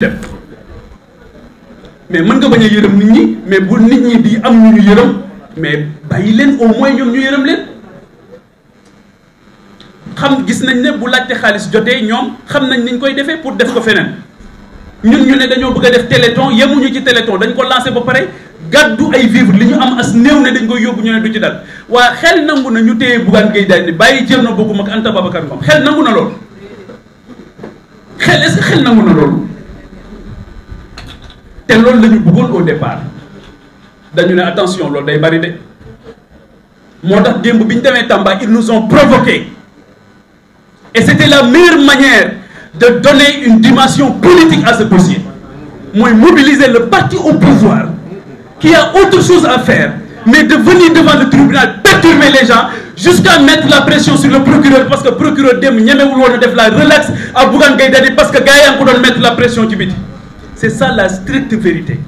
dem mais mën nga bañ a yërëm nit ñi mais bu nit ñi di am ñu ñu yërëm mais bàyyi leen au moins ñoom ñu yërëm leen xam gis nañ ne bu laajte xaalis jotee ñoom xam nañ niñ koy defee pour def ko feneen ñun ñu ne dañoo bëgg a def yemu ñu ci téléthon dañ ko lancé ba pare gàddu ay vivre li ñu am as néew ne dañ koy yóbbu ñu ne du ci dal waa xel nangu na ñu téye Bougane Gueye Dany bàyyi jéem na bëggum ak Anta Babacar Ngom xel nangu na loolu xel est-ce que xel nangu na loolu Et loolu nous ñu au départ attention c'est day bari de ils nous ont provoqués. et c'était la meilleure manière de donner une dimension politique à ce dossier De mobiliser le parti au pouvoir qui a autre chose à faire mais de venir devant le tribunal perturber les gens jusqu'à mettre la pression sur le procureur parce que le procureur il pas woon a def la relax à Bougan Gaïdade, parce que Gaïa a mettre la pression ci lui. C'est ça la stricte vérité.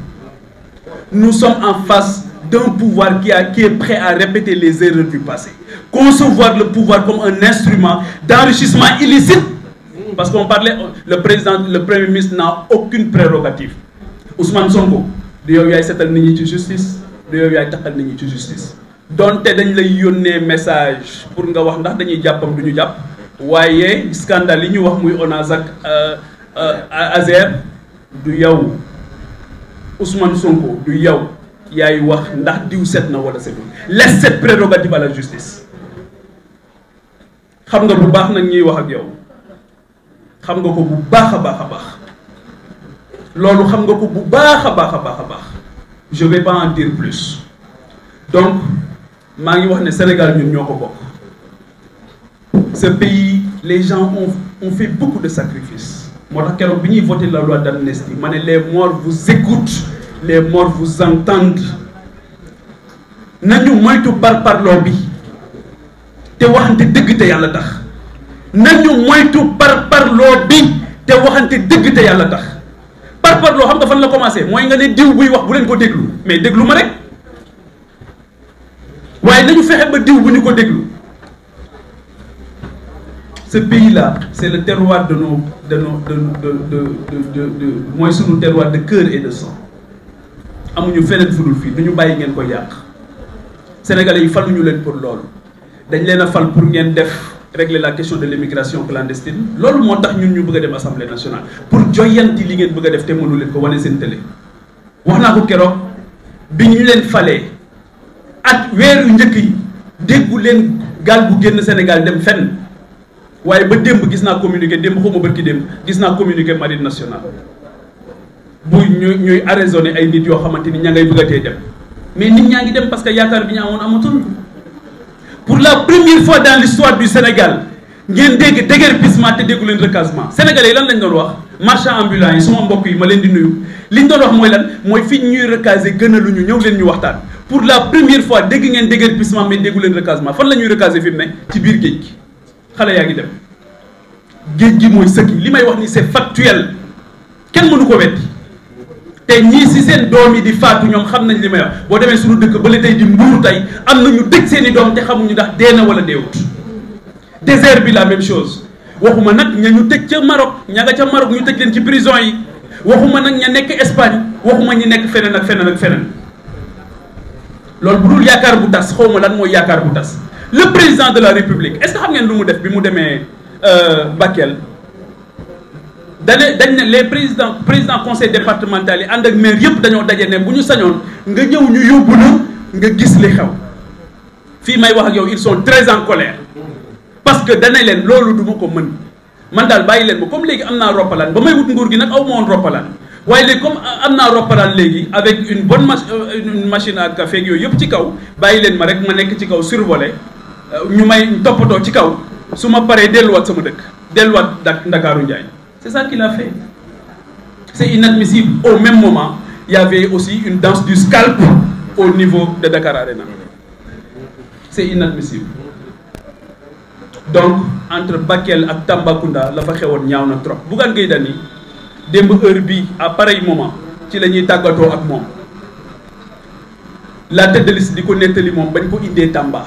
Nous sommes en face d'un pouvoir qui, a, est prêt à répéter les erreurs du passé. Concevoir le pouvoir comme un instrument d'enrichissement illicite. Parce qu'on parlait, le président, le premier ministre n'a aucune prérogative. Ousmane Zongo, de yow justice de yow yaay justice Donté dañ lay message pour nga wax ndax dañuy jappam duñu nous wayé scandale li ñu wax muy euh euh Azer du yow Ousmane Sonko du yow yaay wax ndax diw set na wala setul laisse cette prérogative à la justice xam nga bu baax nak ñi wax ak yow xam nga ko bu baaxa baaxa baax lolu xam nga ko bu baaxa baaxa baaxa baax je vais pas en dire plus donc maa ngi wax ne Sénégal ñun ñoo ko ce pays les gens ont ont fait beaucoup de sacrifices je la loi d'amnistie les morts vous écoutent les morts vous entendent Nous moytu par bi te de dëgg te tax nañu moytu vous bi te xam nga la commencer moy nga ne diw buy wax bu len ko mais de ma rek waye nañu fexé ba diw bu ce pays-là, c'est le terroir de nos, de nos, de, de, terroir de cœur et de sang. amuñu feneen fudul fii du ñu bàyyi ngeen ko yàq sénégalais yi faluñu l'aider pour loolu D'ailleurs, leen a fal pour ngeen def régler la question de l'immigration clandestine loolu monte à ñun ñu bëgg a dem assemblée nationale pour joyanti li ngeen bëgg a def te mënu leen ko wane seen télé wax naa ko keroog bi ñu leen falee at weeru njëkk yi déggu leen gaal génn Sénégal dem fenn waaye ba démb gis naa communiqué démb xaw barki démb gis naa communiqué marine nationale bu ñu ñuy arraisonné ay nit yoo xamante ni ña ngay bëggatee dem mais nit ñaa ngi dem parce que yaakaar bi ñu amoon amatul pour la première fois dans l'histoire du Sénégal ngeen dégg déguerpissement te déggu leen recasement sénégalais yi lan lañ doon wax marchand ambulant yi sama mbokk yi ma leen di nuyu liñ doon wax mooy lan mooy fi ñuy recaser gënalu ñu ñëw leen ñu waxtaan pour la première fois dégg ngeen déguerpissement mais déggu leen recasement fan la ñuy recaser fi mu ne ci biir géej gi xalé yaa dem dit, c'est factuel kenn mënu ko wetti té si seen doomi di faatu ñom xam nañ wax bo suñu dëkk tay di mbuur tay am ñu seen doom ndax la même chose waxuma nak ñu ca Maroc ña nga Maroc ñu leen ci prison yi waxuma nak ña nek Espagne waxuma ñi nek ak ak Nous lool bu dul yaakar bu tass lan bu le président de la république est-ce que vous savez lu mu def bi mu euh, Bakel les présidents président conseil départemental yi ànd dit maire ne des nga ils sont très en colère parce que dane leen loolu du ko comme léegi am ba may wut nguur gi aw comme dit euh, avec une bonne euh, machine à café ils ci kaw survolé euh, ñu may toppatoo ci kaw su ma paree delluwaat sama dëkk delluwaat da Ndakaaru Njaay c'est ça qu'il a fait c'est inadmissible au même moment il y avait aussi une danse du scalp au niveau de Dakar Arena c'est inadmissible donc entre Bakel ak Tambacounda la fa xewoon ñaaw na trop Bougane Gueye ni démb heure bi à pareil moment ci la ñuy tàggatoo ak moom la tête de liste di ko nettali moom bañ ko indee Tamba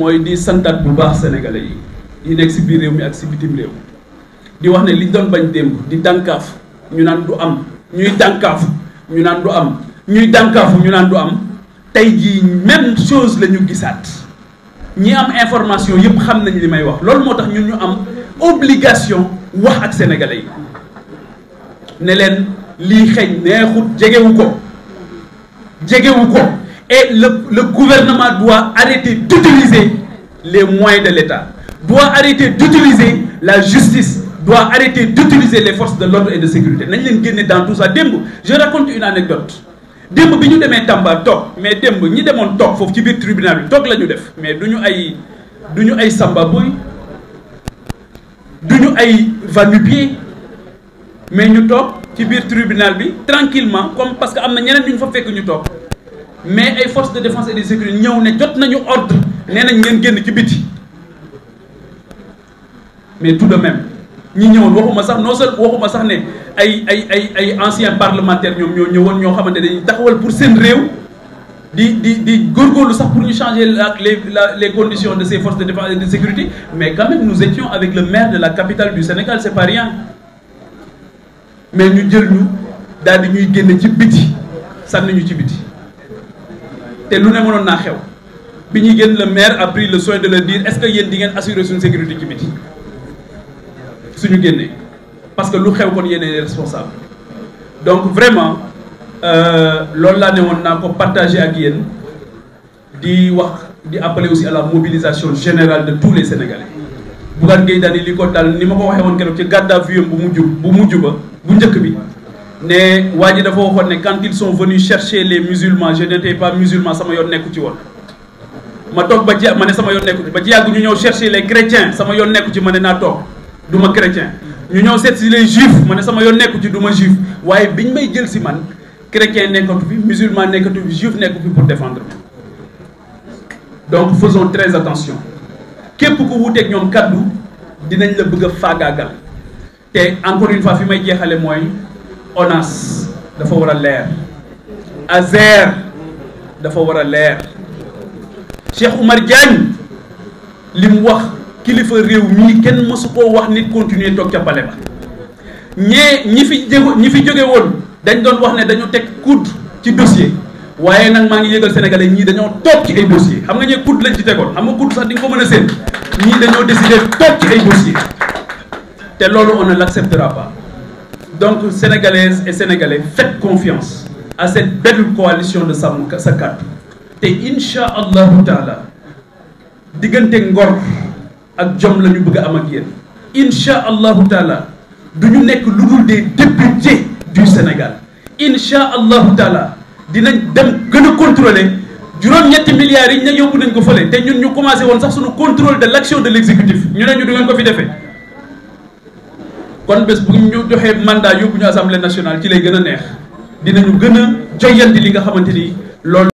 moy di santat bu baax sénégalais yi yi nek ci biir réew mi ak ci bitim réew di wax ne li doon bañ démb di dànkaaf ñu naan du am ñuy dànkaaf ñu naan du am ñuy dànkaafu ñu naan du am tay ji même chose la ñu gisaat ñi am information yépp xam nañ li may wax loolu moo tax ñun ñu am obligation wax ak sénégalais yi ne leen lii xeñ neexut jegewu ko jegewu ko Et le, gouvernement doit arrêter d'utiliser les moyens de l'État, doit arrêter d'utiliser la justice, doit arrêter d'utiliser les forces de l'ordre et de sécurité. dans tout ça. Je raconte une anecdote. démb bi de Tamba toog mais nous ñi faire toog foofu ci biir tribunal bi la def mais du ñu ay du ay Samba Boy du Nous, ay va nu mais ñu toog ci biir tribunal bi tranquillement comme parce que am na ñeneen ñu fa fekk ñu mais les forces de défense et de sécurité ñëw ne jot nañu ordre né nañ ngeen génn ci mais tout de même ñi ñëwoon waxuma sax non seulement waxuma sax ay ay ay ay anciens parlementaires ñom ñoo ñëwoon ñoo xamanté dañuy taxawal pour di di di sax pour ñu changer les les conditions de ces forces de défense et de sécurité mais quand même nous étions avec le maire de la capitale du Sénégal c'est pas rien mais Nous, jël ñu daal di ñuy ci biti sànni ñu ci et nous avons le maire a pris le soin de le dire est-ce que y di assurer son sécurité ci suñu parce que nous sommes responsables. responsable donc vraiment ce que nous avons partagé partager appeler aussi à la mobilisation générale de tous les sénégalais dit dit, ne waa ji dafa ne quand ils sont venus chercher les musulmans je n'étais pas musulman sama yoon nekku ci woon ma toog ba ja ma ne sama yoon nekku ci ba ci yàgg ñu ñëw chercher les chrétiens sama m'a nekku ci mané ne naa toog ma chrétien ñu ñëw seet si les juifs ma ne sama yoon nekku ci du ma juif ouais biñ may jël si man chrétien nekkatu fi musulman nekkatu fi juif nekku fi pour défendre donc faisons très attention képp ku wuteeg ñoom kaddu dinañ la bëgg a faagaagal te encore une fois fi may les moyens ONAS dafa wara leer azer dafa wara leer Cheikh Oumar Diagne lim wax kilifa rew mi ken musu ko wax nit continuer tok ca balé ba ñi ñi fi ñi fi joggé won dañ doon wax ne dañu tek coup ci dossier waaye nak ma ngi yëgal sénégalais ñi dañu tok ci ay dossier xam nga ñi coup lañ ci tegoon xam nga coup sax di nga ko mëna sét ñi dañu décider tok ci ay dossier té lolu on ne l'acceptera pas Donc, Sénégalaises et Sénégalais, faites confiance à cette belle coalition de Sàmm Sa Kàddu insha taala diggante ngor ak jom lañu bëgg am ak yéen insha taala duñu nek luddul des députés du Sénégal insha allahu taala dinañ dem gëna a contrôler juróom-ñetti milliards yi ñu yobbu yóbbu nañ ko fële te ñun ñu commencé woon sax suñu contrôle de l'action de l'exécutif. ñu ne ñu du ngeen ko fi défé kon bés bu ñu joxee mandat yóbbu ñu assemblée nationale ci lay gën a neex dinañu gën a joyanti li nga xamante ni lool